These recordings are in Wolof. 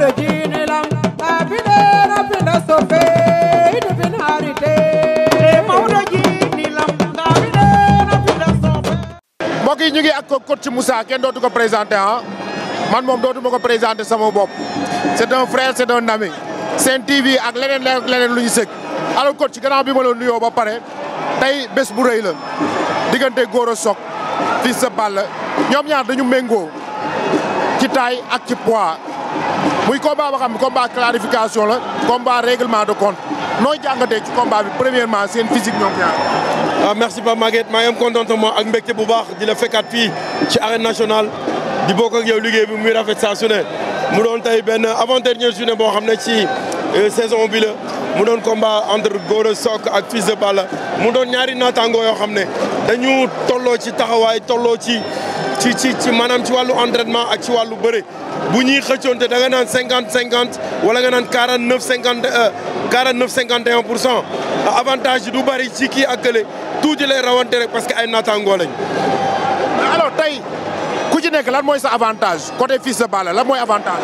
E mbokk yi ñu ngi ak ci Moussa kenn dootu ko présenté ah man moom dootu ma ko présenté sama bopp c'est un frère c'est un ami Sen TV ak leneen leneen lu ñu sëg alors ci gannaaw bi ma la nuyoo ba pare tey bés bu rëy la diggante Gora Sock fils de Balla ñoom ñaar dañu méngoo ci taille ak ci poids muy combat boo xam ne combat clarification la combat règlement de compte nooy jàngatee ci combat bi premièrement seen physique ñoom ñaar. Ah, merci Pape Maguette ma ngi am contentement ak mbégte bu baax di la fekkaat fi ci arène national di bokk ak yow liggéey bi mu rafet saa su ne mu doon tey benn avant-dernière journée boo xam ne ci euh, saison bi mu doon combat entre Gora Sock ak Fils de Balla mu doon ñaari naataangoo yoo xam ne dañu tolloo ci taxawaay tolloo ci ci ci ci maanaam ci wàllu entraînement ak ci wàllu bëre. bu ñuy xëccoonte da nga naan cinquante cinquante wala nga naan quarante neuf cinquante euh, quarante neuf cinquante et pour cent avantage yi du bëri ci kii ak kële tuuti le rawante rek parce que ay naataangoo lañ. alors tey ku ci nekk lan mooy sa avantage côté Fils de Balla lan mooy avantage.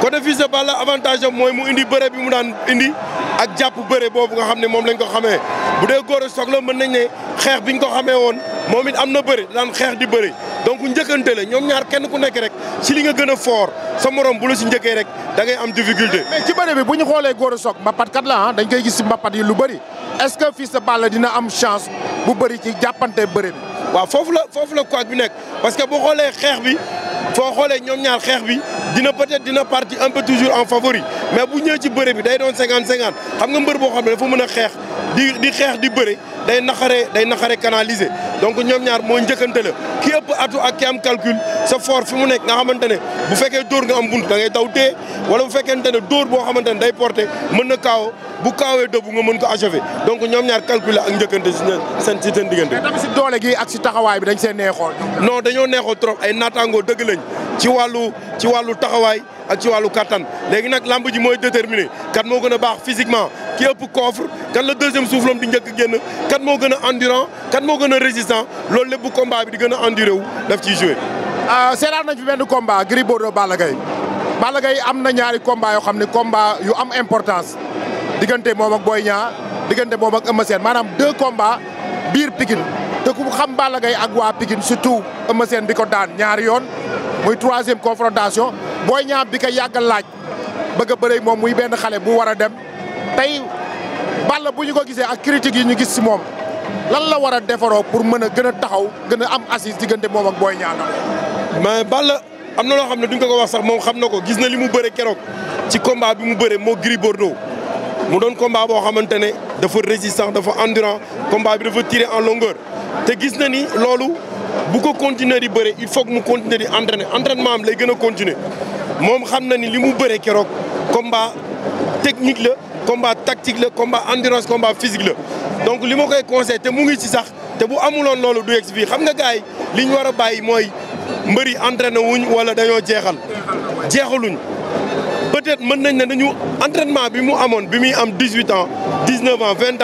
côté Fils de Balla avantage mooy mu indi bëre bi mu daan indi ak jàpp bëre boobu nga xam ne moom lañ ko xamee bu dee góor a la mën nañ ne xeex biñ ko xamee woon moom it am na bëre daan xeex di bëre. donc njëkkante le ñoom ñaar kenn ku nekk rek si li nga gën a fort sa morom bu la si njëkkee rek da am difficulté. mais ci bëre bi bu ñu xoolee a Sock mbapat kat la ah dañ koy gis si mbapat yi lu bari est-ce que Fils sa Balla dina am chance bu bëri ci jàppante bëre bi. waaw foofu la foofu la quoi bi nekk parce que boo xoolee xeex bi foo xoolee ñoom ñaar xeex bi. dina peut-être dina parti un peu toujours en favori mais bu ñëwee ci bëre bi day doon cinquante cinquante xam nga mbër boo xam ne dafa mën a xeex di di xeex di bëre day naxaree day naxaree canaliser donc ñoom ñaar moo njëkkante la ki ëpp atu ak ki am calcul sa for fi mu nekk nga xamante ne bu fekkee dóor nga am bunt da ngay taw tee wala bu fekkente ne dóor boo xamante ne day porté mën na kaaw bu kaawee dëbbu nga mën ko achever donc ñoom ñaar calculer ak njëkkante si seen si seen diggante. mais tamit doole gi ak si taxawaay bi dañ see neexoon. non dañoo neexoon trop ay naataangoo dëgg lañ. ci wàllu ci wàllu taxawaay ak ci wàllu kattan léegi nag lamb ji mooy déterminé kat moo gën a baax physiquement ki ëpp coffre kat la deuxième soufflam di njëkk génn kat moo gën a endurant kat moo gën a résistant loolu lépp bu bi di gën a enduré wu daf ciy joué. Ah, seetaan nañ fi benn combat Gris Bordeaux Balla Gaye Balla Gaye am na ñaari combat yoo xam ne komba yu am importance diggante moom ak Boy ñaar diggante moom ak Eumeu Sène maanaam deux combats biir Pikine te ku xam Balla Gaye ak waa Pikine surtout Eumeu Sène bi ko daan ñaari yoon. muy troisième confrontation booy Niang bi ko yàgg laaj bëgg a bëre moom muy benn xale bu war a dem tey Balla bu ñu ko gisee ak critique yi ñu gis si moom lan la war a defaroo pour mën a gën a taxaw gën a am assise diggante moom ak booy Niang mais Balla am na loo xam ne duñ ko ko wax sax moom xam na ko gis na li mu bëre keroog ci combat bi mu bëre moo Gris Bordeaux mu doon combat boo xamante ne dafa résistant dafa endurant combat bi dafa tiré en longueur te gis na ni loolu bu ko continuer di bëre il faut mu continuer di entraîner entraînement am lay gën a continuer moom xam na ni li mu bëre keroog combat technique la combat tactique la combat endurance combat physique la donc li ma koy conseillé te mu ngi ci sax te bu amuloon loolu du yegsi fii xam nga gars yi li ñu war a bàyyi mooy mbëri entraîné wuñ wala dañoo jeexal jeexaluñ peut-être mën nañ na dañu entraînement bi mu amoon bi muy am dix-huit ans dix-neuf ans vingt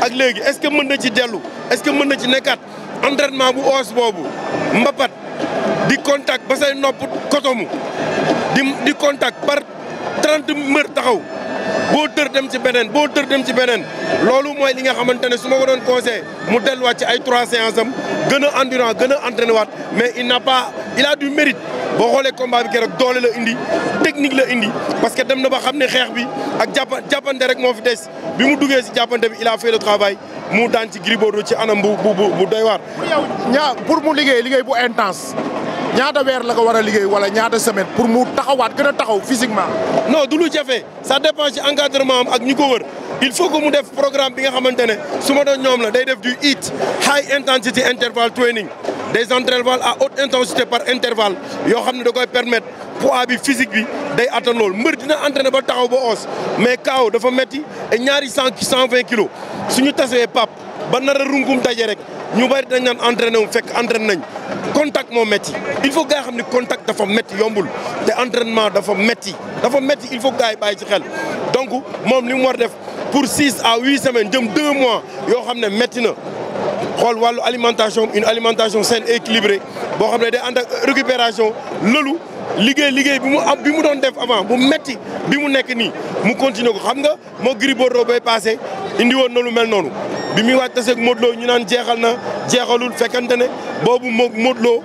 ak léegi est-ce que mën na ci dellu est-ce que mën na ci nekkaat entraînement bu oos boobu mbapat di contact ba say nopp kotomu di di contact par trente mbër taxaw boo tër dem ci beneen boo tër dem ci beneen loolu mooy li nga xamante ne su ma ko doon conseil mu delluwaat ci ay trois séances am gën a endurant gën a entraîné waat mais il n'a pas il a du mérite boo xoolee combat bi ak doole la indi technique la indi parce que dem na ba xam ne xeex bi ak jàpp jàppante rek moo fi des bi mu duggee si jàppante bi il a fait mu daan ci Gris ci anam bu bu bu doy waar. pour mu liggéey liggéey bu intense ñaata weer la ko war a liggéey wala ñaata semaine pour mu taxawaat gën a taxaw physiquement. non du lu jafe sa dépend ci encadrement am ak ñu ko wër il faut ko mu def programme bi nga xamante ne su ma doon ñoom la day def du HIIT high intensity interval training des intervalles à haute intensité par intervalle yoo xam ne da koy permettre poids bi physique bi day attan loolu mbër dina entraîné ba taxaw ba os mais kaw dafa metti ñaari cent cent vingt kilos. ñu tasee pap ba nar a rungum daje rek ñu bari dañ naan entraîné wu fekk entraîné nañ contact moo métti il faut gaa xam ni contact dafa métti yombul te entraînement dafa métti dafa métti il faut gaa yi bàyyi ci xel donc moom li mu war def pour six à huit semaines jëm deux mois yoo xam ne métti na xool wàllu alimentation une alimentation saine et équilibrée boo xam ne day ànd ak récupération lolu liggéey liggéey bi mu am bi mu doon def avant bu metti bi mu nekk ni mu continuer ko xam nga moo Gris Bordeaux bay passé indi woon na lu mel noonu bi muy wàcc taseeg Modou Lo ñu naan jeexal na jeexalu jeexalul fekkante ne boobu moog Modou Lo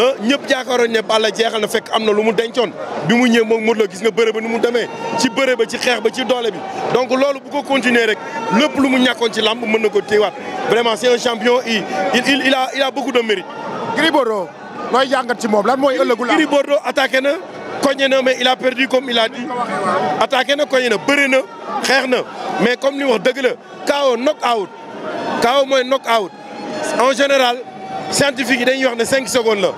ah, ñëpp jaakaaroon ne Balla jeexal na fekk am na lu mu dencoon bi mu ñëw moog Modou gis nga bëre ba ni mu demee ci bëre ba ci xeex ba ci doole bi donc loolu bu ko continuer rek lépp lu mu ñàkkoon ci làmb mën na ko téewaat vraiment c'est un champion il il il a il a looy jàngat ci moom lan mooy ëllëgu la Gris Bordeaux attaqué na koñe na mais il a perdu comme il a dit attaqué na koñe na bëri na xeex na mais comme ni wax dëgg la KO knock out KO mooy knock out en général scientifique yi dañuy wax ne cinq secondes la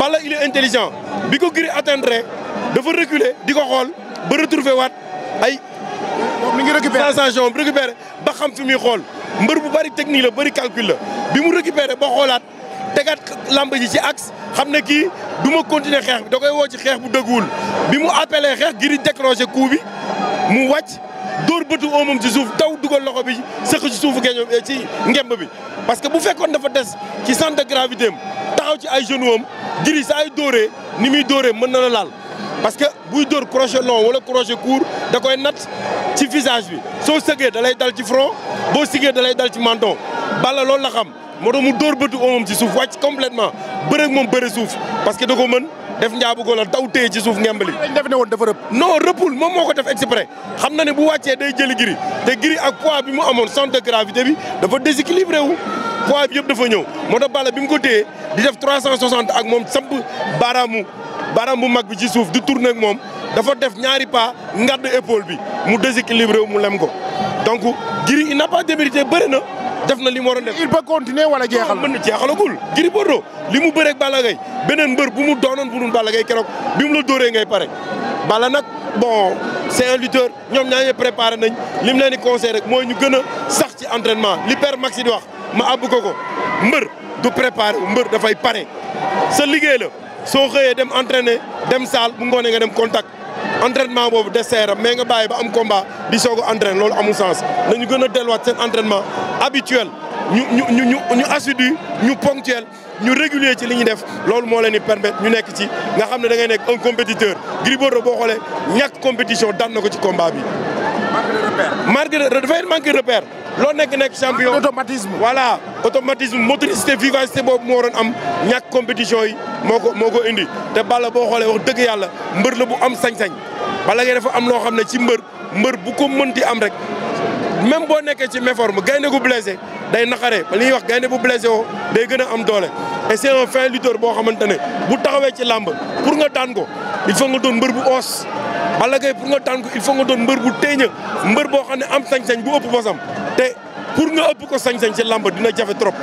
Balla il est intelligent bi ko Gris atteindre dafa reculer di ko xool ba retrouver waat ay mu ngi récupéré sensation bi récupéré ba xam fi muy xool mbër bu bëri technique la bëri calcul la bi mu récupéré ba xoolaat tegaat lamb ji ci axe xam ne kii du ma continuer xeex bi da koy woo ci xeex bu dëgguwul bi mu appelé xeex de décroché coup bi mu wàcc dóor bëtu oomam ci suuf daw dugal loxo bi sëq ci suufu geñoom eh, ci ngemb bi parce que bu fekkoon dafa des ci centre de gravité am taxaw ci ay genoux am Gris sa ay dóoree ni muy dóoree mën na la laal parce que buy dóor crochet long wala crochet court da koy nat ci visage bi soo sëgee da lay dal ci front boo sigee dalay lay dal ci menton Balla loolu la xam moo tax mu dóor bëtu oomam ci suuf wàcc complètement bëre ak moom bëre suuf parce que da ko mën def njaabu góor la daw téye ci suuf ngembali. dafa rëpp. non rëppul moom moo ko def exprès xam na ne bu wàccee day jël giri te giri ak poids bi mu amoon centre de gravité bi dafa déséquilibré wu. poids bi yëpp dafa ñëw moo tax Balla bi mu ko téye di def 360 ak moom samp baaraamu baaraam bu mag bi ci suuf di tourner ak moom dafa def ñaari pas ngadd épaule bi mu déséquilibré wu mu lem ko donc giri il n'a pas démérité bëri na. def na li mu waroon def. il peut continuer wala jeexal mën na jeexalagul. Gris Bordeaux li mu bëreeg Balla Gaye beneen mbër bu mu doonoon bu dul Balla gay keroog bi mu la dóoree ngay pare Balla nag bon c'est un lutteur ñoom ñaa ngi nañ li mu leen di conseil rek mooy ñu gën sax ci entraînement li père Maxi wax ma àbb ko ko mbër du préparé mbër dafay pare sa liggéey la soo xëyee dem entraîner dem salle bu ngoonee nga dem contact. entraînement boobu des seeram mais nga bàyyi ba am combat di soog a entraîné loolu amul sens nañu gën a delluwaat seen entraînement habituel ñu ñu ñu ñu ñu assidu ñu ponctuel ñu régulier ci li ñuy def loolu moo leen di permettre ñu nekk ci nga xam ne da ngay nekk un compétiteur Gris Bordeaux boo xoolee ñàkk compétition daan na ko ci combat bi. manque de repère dafay manque de loo nekk nekk champion automatisme voilà automatisme motricité vivacité boobu moo waroon am ñàkk compétition yi moo ko moo ko indi te Balla boo xoolee wax dëgg yàlla mbër la bu am sañ-sañ Balla Gaye fa am loo xam ne ci mbër mbër bu ko mënti am rek même boo nekkee ci mefoor méforme gaynde gu blessé day naqaree ba li wax gaynde bu blessé woo day gën a am doole et c'est un fin lutteur boo xamante ne bu taxawee ci làmb pour nga daan ko il faut nga doon mbër Balla Gaye pour nga daan ko il faut nga doon mbër bu téeña mbër boo xam ne am sañ-sañ bu ëpp bosam te pour nga ëpp ko sañ-sañ ci làmb dina jafe trop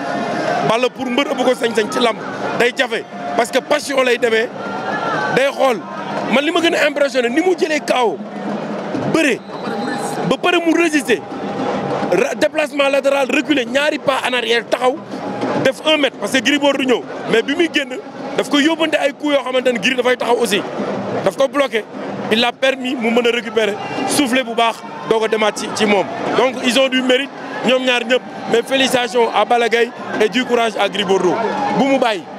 Balla pour mbër ëpp ko sañ-sañ ci làmb day jafe parce que passion lay demee day xool man li ma gën a ne ni mu jëlee kaaw bëre ba pare mu résister déplacement latéral reculé ñaari pas en taxaw def un mètre parce que Gris Bordeaux du ñëw mais bi muy génn daf ko yóbbante ay coups yoo xamante ne Gris dafay taxaw aussi daf ko bloqué il l'a permis mu mën a récupérer souffler bu baax doog a demaat ci ci moom. donc ils ont du mérite ñoom ñaar ñëpp mais félicitations à Balla Gaye et du courage à Gris Bordeaux bu mu bàyyi.